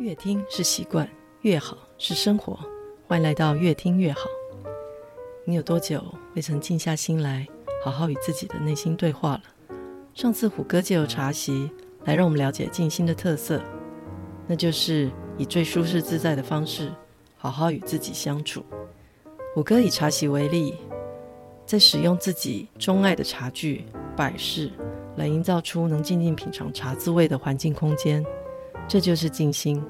越聽是習慣，越好是生活。歡迎來到越聽越好。你有多久未曾靜下心來，好好與自己的內心對話了？上次虎哥借由茶席來讓我們了解靜心的特色，那就是以最舒適自在的方式，好好與自己相處。虎哥以茶席為例，在使用自己鍾愛的茶具、擺飾，來營造出能靜靜品嚐茶滋味的環境空間。這就是靜心。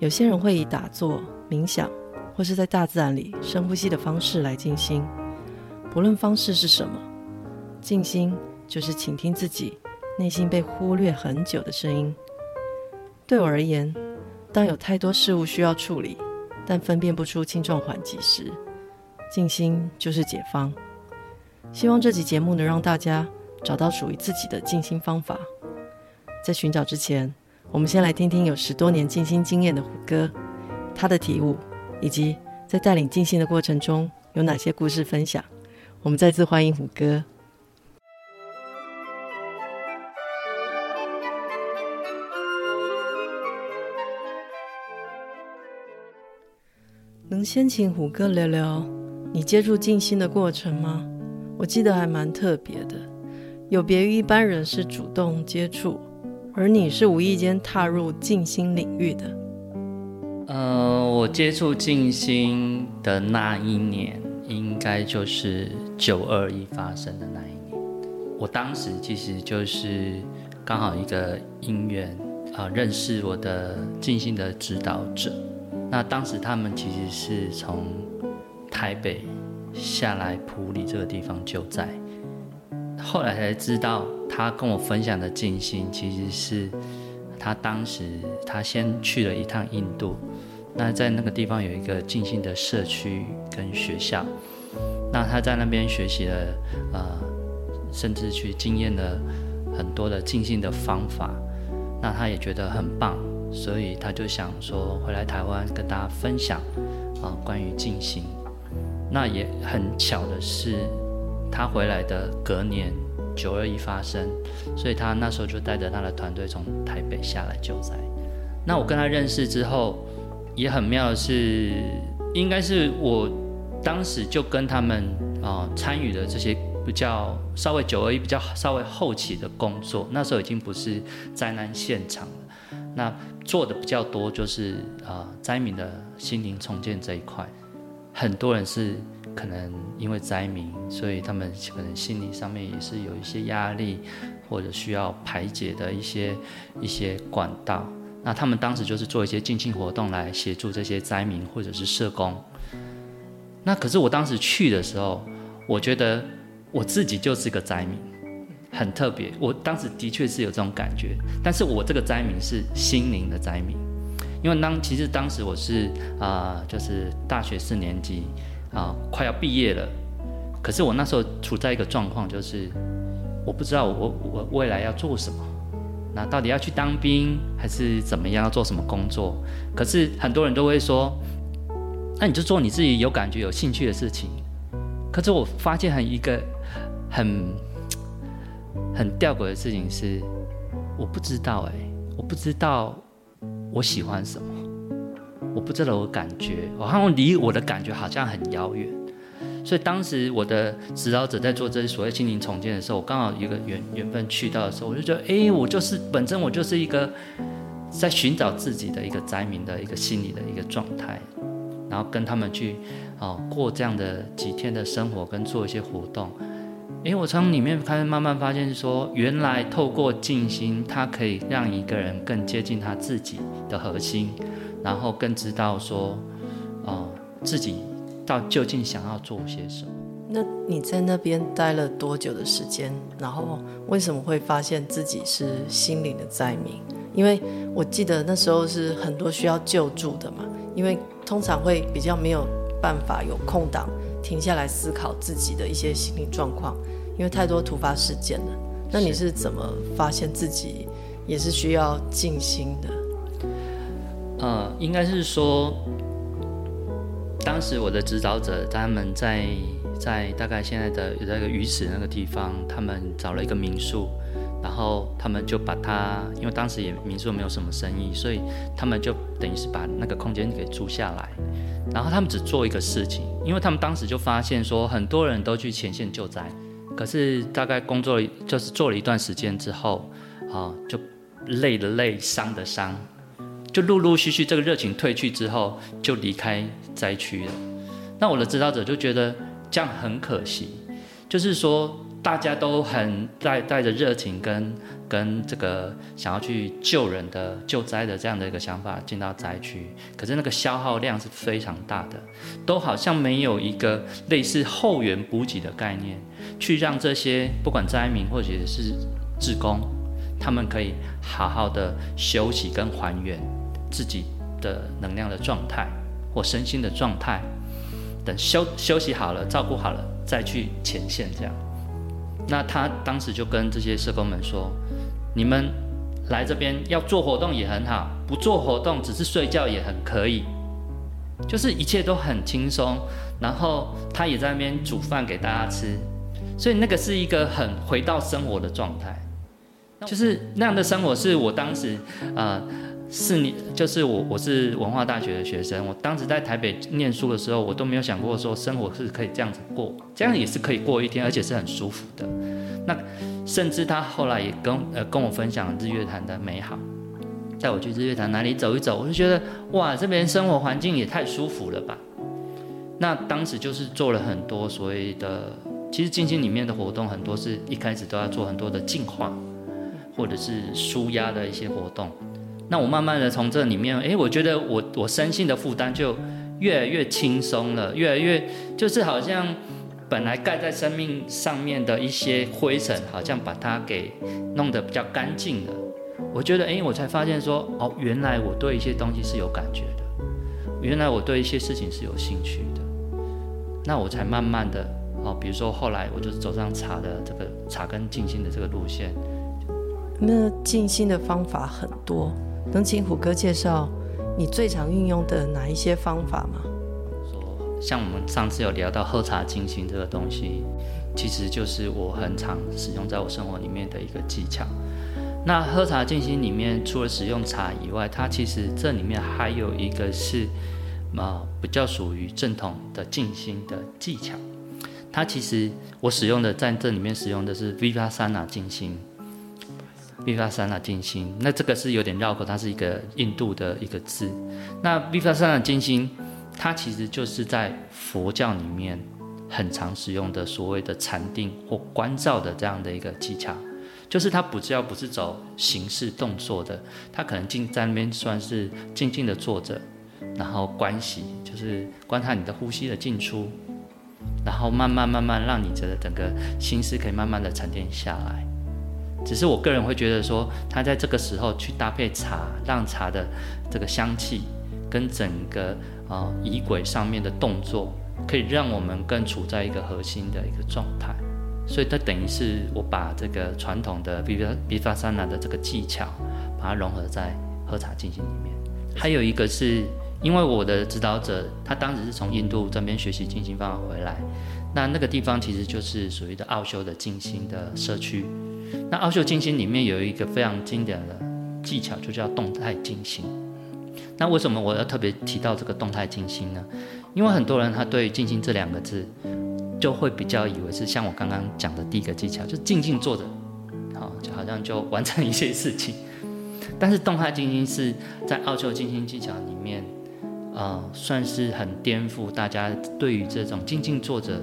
有些人會以打坐、冥想，或是在大自然裡深呼吸的方式來靜心。不論方式是什麼，靜心就是傾聽自己內心被忽略很久的聲音。對我而言，當有太多事物需要處理，但分辨不出輕重緩急時，靜心就是解方。希望這集節目能讓大家找到屬於自己的靜心方法。在尋找之前，我們先來聽聽有十多年靜心經驗的虎哥，他的體悟，以及在帶領靜心的過程中有哪些故事分享。我們再次歡迎虎哥。能先請虎哥聊聊你接觸靜心的過程嗎？我記得還蠻特別的，有別於一般人是主動接觸。而你是無意間踏入靜心領域的。呃，我接觸靜心的那一年，應該就是九二一發生的那一年。我當時其實就是剛好一個因緣啊，認識我的靜心的指導者。那當時他們其實是從台北下來埔里這個地方救災，後來才知道。他跟我分享的靜心，其實是他當時他先去了一趟印度，那在那個地方有一個靜心的社區跟學校，那他在那邊學習了，呃，甚至去經驗了很多的靜心的方法，那他也覺得很棒，所以他就想說回來台灣跟大家分享啊、呃、關於靜心。那也很巧的是，他回來的隔年，九二一發生，所以他那時候就帶着他的團隊從台北下來救災。那我跟他認識之後，也很妙的是，應該是我當時就跟他們啊參與的這些比較稍微九二一比較稍微後期的工作，那時候已經不是災難現場了。那做的比較多就是啊呃、災民的心靈重建這一塊，很多人是。可能因為災民，所以他們可能心理上面也是有一些壓力，或者需要排解的一些一些管道。那他們當時就是做一些靜心活動來協助這些災民，或者是社工。那可是我當時去的時候，我覺得我自己就是個災民，很特別。我當時的確是有這種感覺，但是我這個災民是心靈的災民，因為當其實當時我是啊、呃，就是大學四年級。啊、哦，快要畢業了，可是我那時候處在一個狀況，就是我不知道我我未來要做什麼，那到底要去當兵還是怎麼樣，要做什麼工作？可是很多人都會說，那、啊、你就做你自己有感覺、有興趣的事情。可是我發現很一個很很吊詭的事情是，我不知道哎、欸，我不知道我喜歡什麼。我不知道我的感覺，我好像離我的感覺好像很遙遠。所以當時我的指導者在做這些所謂心靈重建的時候，我剛好有一個緣緣分去到的時候，我就覺得，哎、欸，我就是本身我就是一個在尋找自己的一個災民的一個心理的一個狀態，然後跟他們去哦過這樣的幾天的生活，跟做一些活動。哎、欸，我從裡面開始慢慢發現說，說原來透過靜心，它可以讓一個人更接近他自己的核心。然後更知道說，呃，自己到究竟想要做些什麼？那你在那邊待了多久的時間？然後為什麼會發現自己是心靈的災民？因為我記得那時候是很多需要救助的嘛，因為通常會比較沒有辦法有空檔停下來思考自己的一些心理狀況，因為太多突發事件了。那你是怎麼發現自己也是需要靜心的？呃，應該是說，當時我的指導者他們在在大概現在的那個魚池那個地方，他們找了一個民宿，然後他們就把它，因為當時也民宿沒有什麼生意，所以他們就等於是把那個空間給租下來，然後他們只做一個事情，因為他們當時就發現說很多人都去前線救災，可是大概工作了就是做了一段時間之後，啊、呃，就累的累，傷的傷。就陸陸續續這個熱情退去之後，就離開災區了。那我的指導者就覺得這樣很可惜，就是說大家都很帶帶着熱情跟跟這個想要去救人的救災的這樣的一個想法進到災區，可是那個消耗量是非常大的，都好像沒有一個類似後援補給的概念，去讓這些不管災民或者是志工，他們可以好好的休息跟還原。自己的能量的狀態或身心的狀態，等休休息好了，照顧好了，再去前線這樣。那他當時就跟這些社工們說：“你們來這邊要做活動也很好，不做活動只是睡覺也很可以，就是一切都很輕鬆。”然後他也在那邊煮飯給大家吃，所以那個是一個很回到生活的狀態，就是那樣的生活是我當時啊。呃是你，就是我，我是文化大學的學生。我當時在台北念書的時候，我都沒有想過說生活是可以這樣子過，這樣也是可以過一天，而且是很舒服的。那甚至他後來也跟呃跟我分享日月潭的美好，帶我去日月潭哪裡走一走，我就覺得哇，這邊生活環境也太舒服了吧。那當時就是做了很多所謂的，其實靜心裡面的活動很多是一開始都要做很多的淨化，或者是紓壓的一些活動。那我慢慢的從這裡面，誒，我覺得我我身心的負擔就越來越輕鬆了，越來越就是好像本來蓋在生命上面的一些灰塵，好像把它給弄得比較乾淨了。我覺得，誒，我才發現說，哦，原來我對一些東西是有感覺的，原來我對一些事情是有興趣的。那我才慢慢的，哦，比如說後來我就是走上茶的這個茶跟靜心的這個路線。那靜心的方法很多。能請虎哥介紹你最常運用的哪一些方法嗎？說，像我們上次有聊到喝茶靜心這個東西，其實就是我很常使用在我生活裡面的一個技巧。那喝茶靜心裡面除了使用茶以外，它其實這裡面還有一個是啊、嗯、比較屬於正統的靜心的技巧。它其實我使用的在這裡面使用的是 Vipassana 靜心。毗婆舍那靜心，那這個是有點繞口，它是一個印度的一個字。那毗婆舍那靜心，它其實就是在佛教裡面很常使用的所謂的禪定或觀照的這樣的一個技巧，就是它不只要不是走形式動作的，它可能進在那邊算是靜靜的坐着，然後觀息就是觀察你的呼吸的進出，然後慢慢慢慢讓你的整個心思可以慢慢的沉澱下來。只是我個人會覺得說，說他在這個時候去搭配茶，讓茶的這個香氣跟整個呃儀軌上面的動作，可以讓我們更處在一個核心的一個狀態。所以，它等於是我把這個傳統的比比 a n a 的這個技巧，把它融合在喝茶進行裡面。還有一個是因為我的指導者，他當時是從印度這邊學習靜心方法回來，那那個地方其實就是屬於的奧修的靜心的社區。那奧修靜心裡面有一個非常經典的技巧，就叫動態靜心。那為什麼我要特別提到這個動態靜心呢？因為很多人他對於靜心這兩個字，就會比較以為是像我剛剛講的第一個技巧，就靜靜坐着，好，就好像就完成一些事情。但是動態靜心是在奧修靜心技巧裡面，呃，算是很顛覆大家對於這種靜靜坐着。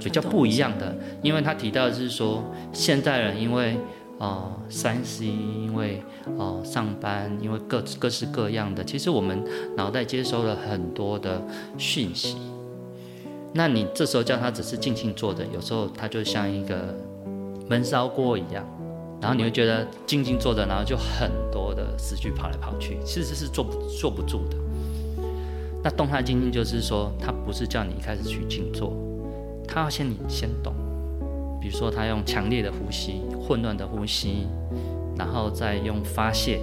比較不一樣的，因為他提到的是說，現代人因為，哦、呃，3C，因為，哦、呃，上班，因為各各式各樣的，其實我們腦袋接收了很多的訊息。那你這時候叫他只是靜靜坐着，有時候他就像一個悶燒鍋一樣，然後你會覺得靜靜坐着，然後就很多的思緒跑來跑去，其實是坐不坐不住的。那動態靜心就是說，他不是叫你一開始去靜坐。他要先你先懂，比如說他用強烈的呼吸、混亂的呼吸，然後再用發洩。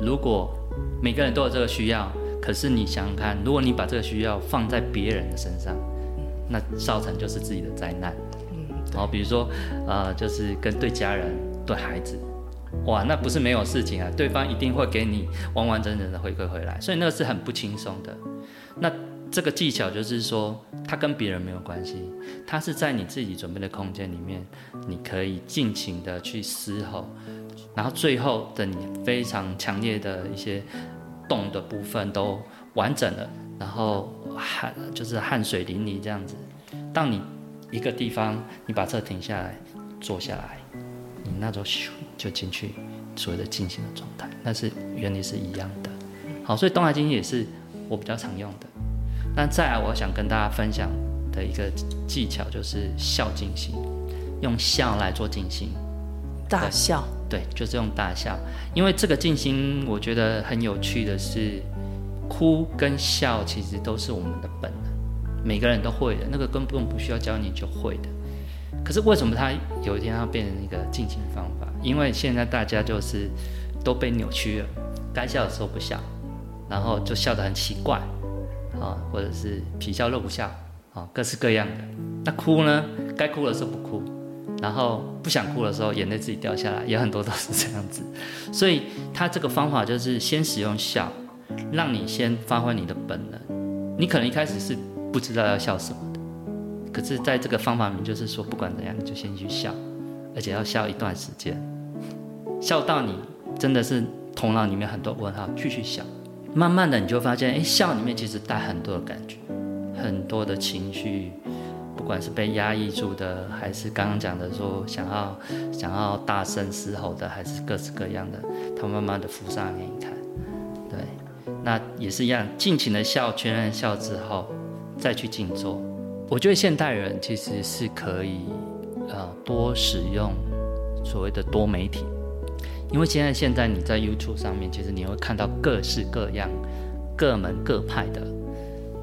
如果每個人都有這個需要，可是你想想看，如果你把這個需要放在別人的身上，那造成就是自己的災難。嗯，然後比如說，呃，就是跟對家人、對孩子，哇，那不是沒有事情啊，對方一定會給你完完整整的回饋回來，所以那個是很不輕鬆的。那。這個技巧就是說，它跟別人沒有關係，它是在你自己準備的空間裡面，你可以盡情的去嘶吼，然後最後等你非常強烈的一些動的部分都完整了，然後汗就是汗水淋漓這樣子。當你一個地方你把車停下來，坐下來，你那時候咻就進去所謂的靜心的狀態，那是原理是一樣的。好，所以動態靜心也是我比較常用的。但再來，我想跟大家分享的一個技巧就是笑靜心，用笑來做靜心，大笑，對，就是用大笑。因為這個靜心，我覺得很有趣的是，哭跟笑其實都是我們的本能，每個人都會的，那個根本不需要教你就會的。可是為什麼它有一天它變成一個靜心方法？因為現在大家就是都被扭曲了，該笑的時候不笑，然後就笑得很奇怪。啊，或者是皮笑肉不笑，啊，各式各樣的。那哭呢？該哭的時候不哭，然後不想哭的時候，眼淚自己掉下來，也很多都是這樣子。所以他這個方法就是先使用笑，讓你先發揮你的本能。你可能一開始是不知道要笑什麼的，可是在這個方法裡面就是說，不管怎樣，你就先去笑，而且要笑一段時間，笑到你真的是頭腦裡面很多問號，繼續笑。慢慢的，你就發現，哎，笑裡面其實帶很多的感覺，很多的情緒，不管是被壓抑住的，還是剛剛講的說想要想要大聲嘶吼的，還是各式各樣的，他慢慢的浮上來給你看。對，那也是一樣，盡情的笑，全然笑之後，再去靜坐。我覺得現代人其實是可以，呃，多使用所謂的多媒體。因為現在現在你在 YouTube 上面，其實你會看到各式各樣、各門各派的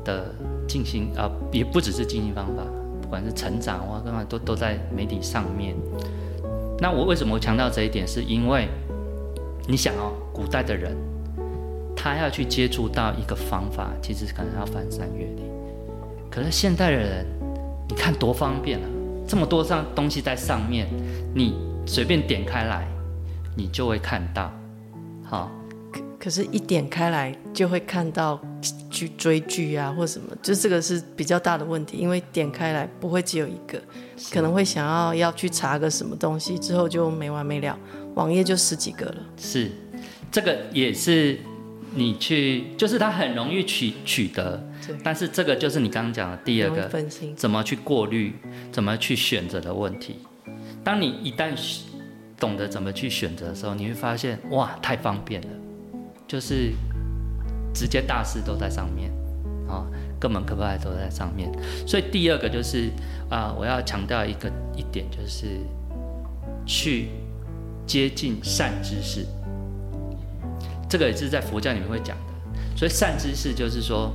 的靜心啊、呃，也不只是靜心方法，不管是成長或幹嘛，都都在媒體上面。那我為什麼強調這一點？是因為你想哦，古代的人他要去接觸到一個方法，其實可能要翻山越嶺。可是現代的人，你看多方便啊，這麼多上東西在上面，你隨便點開來。你就會看到，好，可可是，一點開來就會看到去追劇啊，或什麼，就這個是比較大的問題，因為點開來不會只有一個，可能會想要要去查個什麼東西，之後就沒完沒了，網頁就十幾個了。是，這個也是你去，就是它很容易取取得，但是這個就是你剛剛講的第二個分心，怎麼去過濾，怎麼去選擇的問題。當你一旦。懂得怎麼去選擇的時候，你會發現哇，太方便了，就是直接大事都在上面啊，哦，各門各派都在上面。所以第二個就是啊、呃，我要強調一個一點，就是去接近善知識。這個也是在佛教裡面會講的。所以善知識就是說，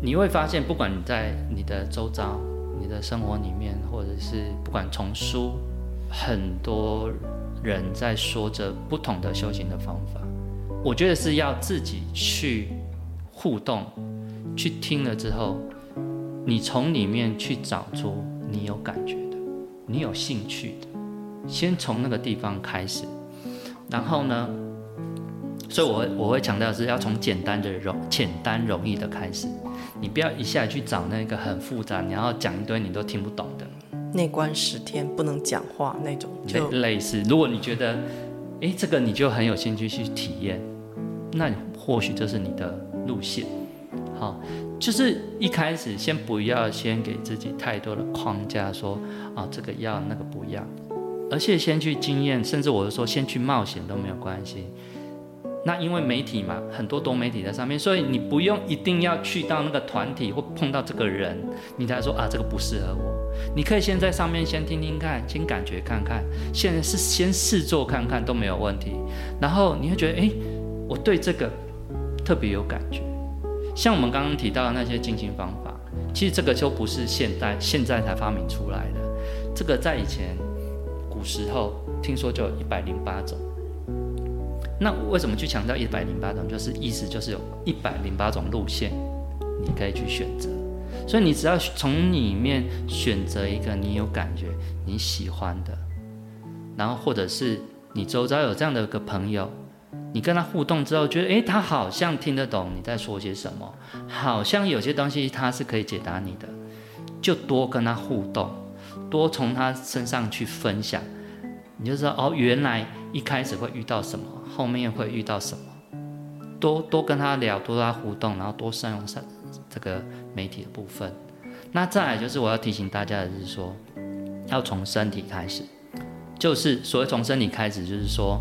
你會發現不管你在你的周遭、你的生活裡面，或者是不管從書。很多人在說着不同的修行的方法，我覺得是要自己去互動，去聽了之後，你從裡面去找出你有感覺的，你有興趣的，先從那個地方開始，然後呢，所以我，我我會強調是要從簡單的容簡單容易的開始，你不要一下去找那個很複雜，然後講一堆你都聽不懂的。內觀十天不能講話那種，就類，類似。如果你覺得，誒、欸，這個你就很有興趣去體驗，那你或許就是你的路線。好，就是一開始先不要先給自己太多的框架說，說啊這個要那個不要，而且先去經驗，甚至我是說先去冒險都沒有關係。那因為媒體嘛，很多多媒體在上面，所以你不用一定要去到那個團體或碰到這個人，你才說啊這個不適合我。你可以先在上面先聽聽看，先感覺看看，現在是先試做看看都沒有問題，然後你會覺得，哎、欸，我對這個特別有感覺。像我們剛剛提到的那些靜心方法，其實這個就不是現代現在才發明出來的，這個在以前古時候聽說就有一百零八種。那為什麼去強調一百零八種？就是意思就是有一百零八種路線，你可以去選擇。所以你只要從裡面選擇一個你有感覺、你喜歡的，然後或者是你周遭有這樣的一個朋友，你跟他互動之後，覺得誒，他好像聽得懂你在說些什麼，好像有些東西他是可以解答你的，就多跟他互動，多從他身上去分享，你就說哦，原來一開始會遇到什麼，後面會遇到什麼，多多跟他聊，多跟他互動，然後多善用善。這個媒體的部分，那再來就是我要提醒大家的，是說要從身體開始。就是所謂從身體開始，就是說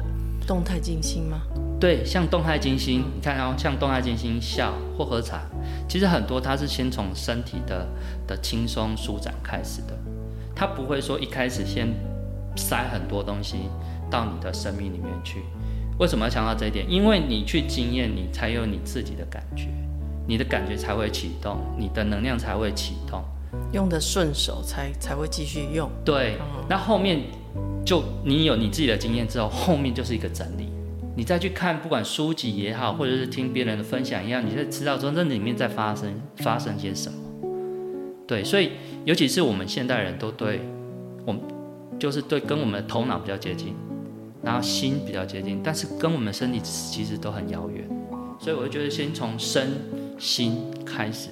動態靜心嗎？對，像動態靜心，你看哦，像動態靜心笑或喝茶，其實很多它是先從身體的的輕鬆舒展開始的，它不會說一開始先塞很多東西到你的生命裡面去。為什麼要強調這一點？因為你去經驗，你才有你自己的感覺。你的感覺才會啟動，你的能量才會啟動，用得順手才才會繼續用。對，嗯、那後面就你有你自己的經驗之後，後面就是一個整理。你再去看，不管書籍也好，嗯、或者是聽別人的分享一樣，你就知道說那裡面在發生發生些什麼。嗯、對，所以尤其是我們現代人都對我們，就是對跟我們的頭腦比較接近，然後心比較接近，但是跟我們身體其實都很遙遠。所以我就覺得先從身。新開始。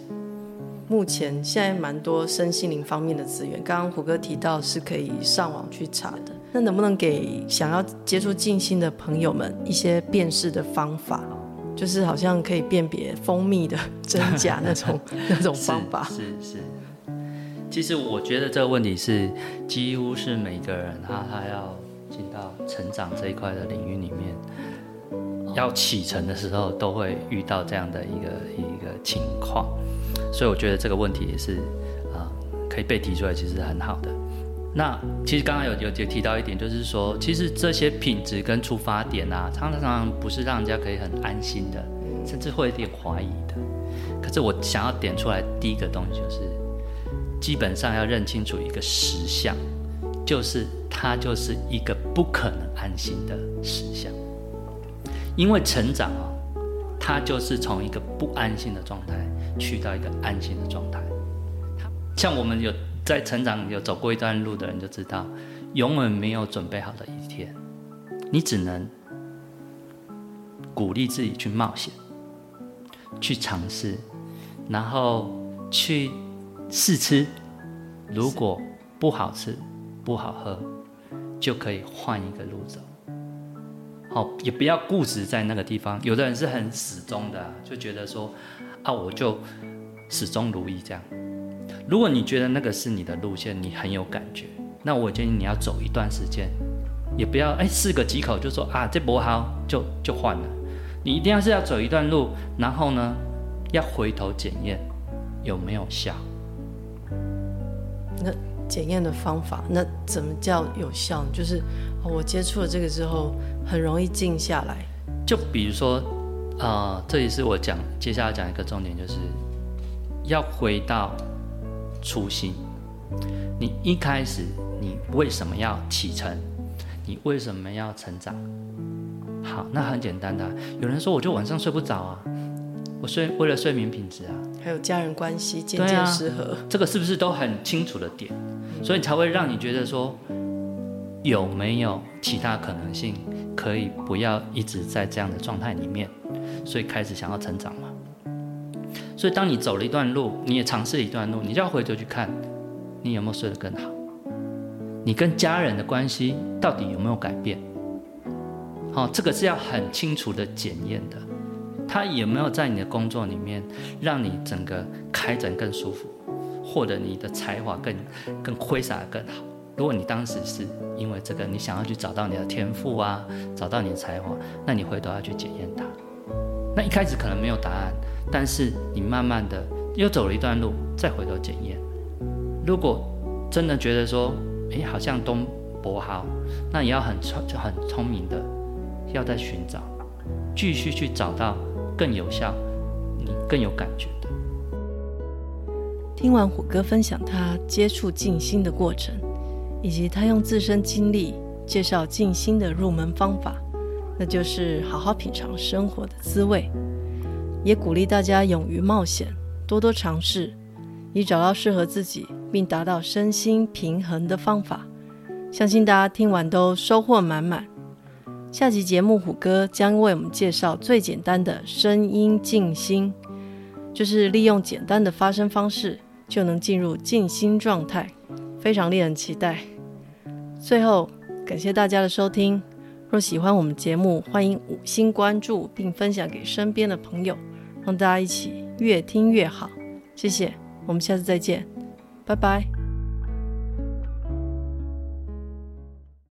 目前現在蠻多身心靈方面的資源，剛剛虎哥提到是可以上網去查的。那能不能給想要接觸靜心的朋友們一些辨識的方法？就是好像可以辨別蜂蜜的真假那種， 那種，那種方法。 是是，是。其實我覺得這個問題是，幾乎是每個人他他要進到成長這一塊的領域裡面。要啟程的時候，都會遇到這樣的一個一個情況，所以我覺得這個問題也是啊，可以被提出來，其實是很好的。那其實剛剛有有提到一點，就是說，其實這些品質跟出發點啊，常常不是讓人家可以很安心的，甚至會有點懷疑的。可是我想要點出來第一個東西，就是基本上要認清楚一個實相，就是它就是一個不可能安心的實相。因為成長啊，它就是從一個不安心的狀態去到一個安心的狀態。像我們有在成長、有走過一段路的人就知道，永遠沒有準備好的一天，你只能鼓勵自己去冒險、去嘗試，然後去試吃。如果不好吃、不好喝，就可以換一個路走。好，也不要固執在那個地方。有的人是很始終的，就覺得說，啊，我就始終如一這樣。如果你覺得那個是你的路線，你很有感覺，那我建議你要走一段時間，也不要哎，試個幾口就說啊，這不好，就就換了。你一定要是要走一段路，然後呢，要回頭檢驗有沒有效。那檢驗的方法，那怎麼叫有效呢？就是。我接觸了這個之後，很容易靜下來。就比如說，啊、呃，這裡是我講接下來講一個重點，就是要回到初心。你一開始，你為什麼要啟程？你為什麼要成長？好，那很簡單的、啊，有人說我就晚上睡不着啊，我睡為了睡眠品質啊，還有家人關係、漸漸失和、啊嗯，這個是不是都很清楚的點？所以才會讓你覺得說。有沒有其他可能性可以不要一直在這樣的狀態裡面？所以開始想要成長嘛？所以當你走了一段路，你也嘗試了一段路，你就要回頭去看，你有沒有睡得更好？你跟家人的關係到底有沒有改變？好，哦，這個是要很清楚的檢驗的。他有沒有在你的工作裡面讓你整個開展更舒服，或者你的才華更更揮灑更好？如果你當時是因為這個，你想要去找到你的天賦啊，找到你的才華，那你回頭要去檢驗它。那一開始可能沒有答案，但是你慢慢的又走了一段路，再回頭檢驗。如果真的覺得說，哎，好像都不好，那你要很聰就很聰明的，要再尋找，繼續去找到更有效、你更有感覺的。聽完虎哥分享他接觸靜心的過程。以及他用自身經歷介紹靜心的入門方法，那就是好好品嚐生活的滋味，也鼓勵大家勇於冒險，多多嘗試，以找到適合自己並達到身心平衡的方法。相信大家聽完都收穫滿滿。下集節目虎哥將為我們介紹最簡單的聲音靜心，就是利用簡單的發聲方式就能進入靜心狀態。非常令人期待。最後，感謝大家的收聽。若喜歡我們節目，歡迎五星關注並分享給身邊的朋友，讓大家一起越聽越好。謝謝，我們下次再見，拜拜。